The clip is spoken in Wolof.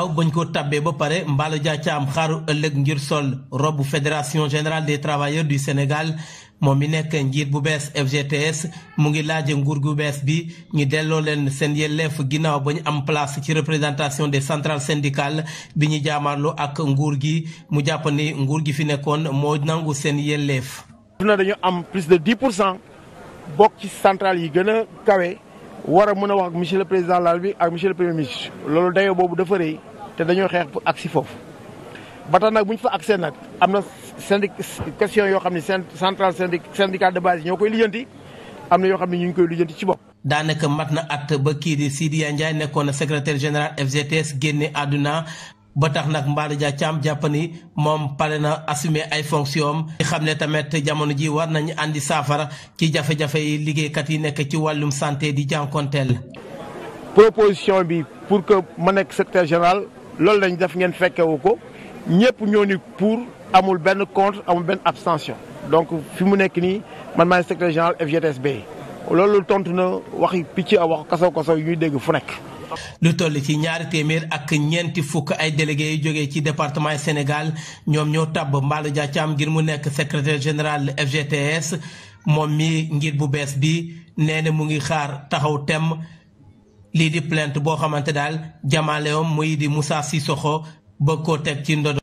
aw bañ koo tabbee ba pare Mballo jaa Thiam xaaru ëllëg ngir sol robu fédération générale des travailleurs du Sénégal moom mi nekk njiit bu bees FGTS mu ngi laaje nguur gu bees bi ñu delloo leen seen yelleef ginnaaw ba ñu am place ci représentation des centrales syndicales bi ñu jaamaarloo ak nguur gi mu jàpp ni nguur gi fi nekkoon moo nangu seen yelleef. na dañu am plus de 10 pour cent bokk ci centrales yi gën a kawe war a mën a wax ak le président laal bi ak monsieur premier ministre te dañoo xeex pour agsi foofu ba nag bu ñu fa agsee nag am na syndic question yoo xam ne central syndic syndicat de base ñoo koy lijjanti am na yoo xam ne ñu ngi koy lijjanti ci bopp. daanaka mat na at ba kii di Sidya Ndiaye nekkoon na secrétaire général FGTS génne àdduna ba tax nag Mbaye Dia Thiam jàpp ni moom pare na assumer ay fonctions xam ne tamit jamono ji war nañu andi saafara ci jafe-jafe yi liggéeykat yi nekk ci wàllum santé di jànkonteel. proposition bi pour loolu lañ def ngeen fekkewu ko ñëpp ñoo ni pour amul benn contre amul benn abstention donc fi mu nekk nii man maay secrétaire général FGTSB loolu tontu na waxi picc a wax kasaw ñuy dégg fu nekk. lu toll ci ñaari téeméer ak ñeenti fukk ay délégués yu jógee ci département Sénégal ñoom ñoo tabb Mballo Dia Thiam ngir mu nekk secretaire général FGTS moom mi ngir bu bees bi nee na mu ngi xaar taxaw temm lii di plainte boo xamante daal jamaaleewam muy di Moussa Sissoko bëgg koo teg ci ndodo